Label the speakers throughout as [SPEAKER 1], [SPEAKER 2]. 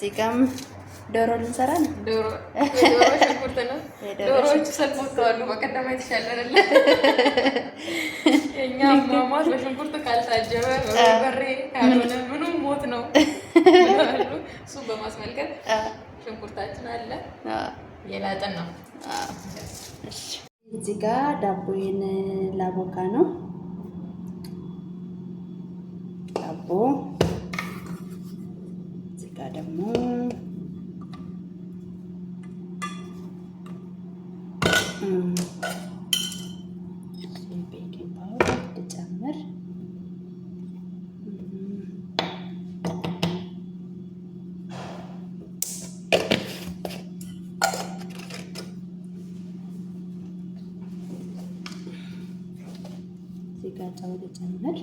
[SPEAKER 1] እዚህ ጋም ዶሮ ልንሰራ ነው።
[SPEAKER 2] ዶሮ ሽንኩርት ነው። ዶሮዎቹ ሰልፍ ወጥተዋል። በቀደም አይተሻል እኛ ማማት በሽንኩርት ካልታጀበ በርበሬ ካልሆነ ምኑም ሞት ነው። እሱ በማስመልከት ሽንኩርታችን አለ የላጥን ነው።
[SPEAKER 1] እዚህ ጋር ዳቦዬን ላቦካ ነው ዳቦ ጋር ደግሞ ቤኪንግ ጨው ልጨምር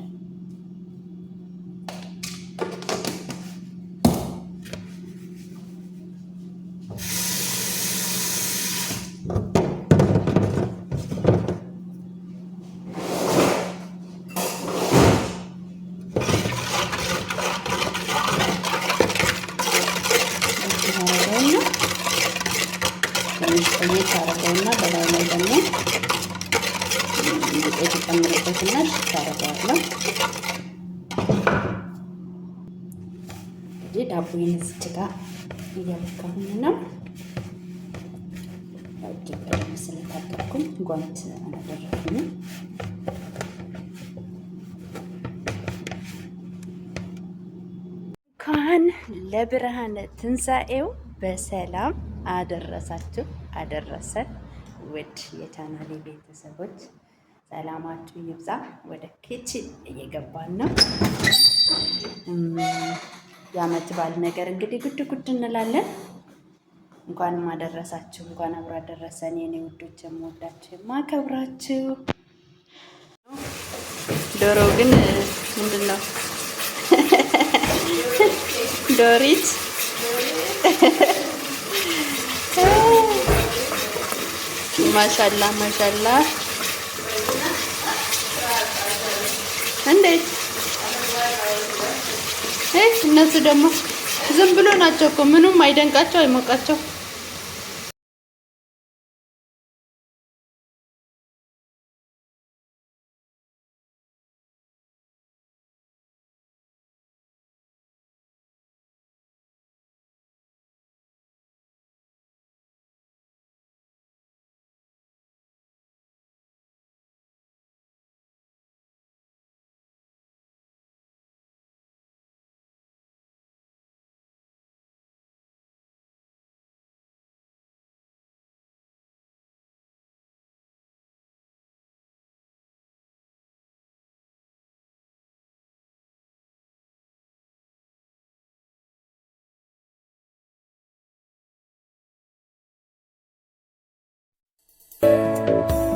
[SPEAKER 1] ቆየት አደረገውና በላዩ ላይ ደግሞ ዱቄት ጨምርበትና ሽት አደረገዋለሁ። እዚህ ዳቦዬን ነው። ስለታጠብኩኝ ጓንት አላደረኩኝም። ለብርሃነ ትንሣኤው በሰላም አደረሳችሁ አደረሰን። ውድ የቻናሌ ቤተሰቦች ሰላማችሁ ይብዛ። ወደ ኪችን እየገባን ነው። የአመት በዓል ነገር እንግዲህ ጉድ ጉድ እንላለን። እንኳንም አደረሳችሁ፣ እንኳን አብሮ አደረሰን። የኔ ውዶች የምወዳችሁ የማከብራችሁ። ዶሮ ግን ምንድን ነው ዶሪት ማሻላ ማሻላ። እንዴት እነሱ ደግሞ ዝም ብሎ ናቸው እኮ ምኑም አይደንቃቸው አይሞቃቸው። you.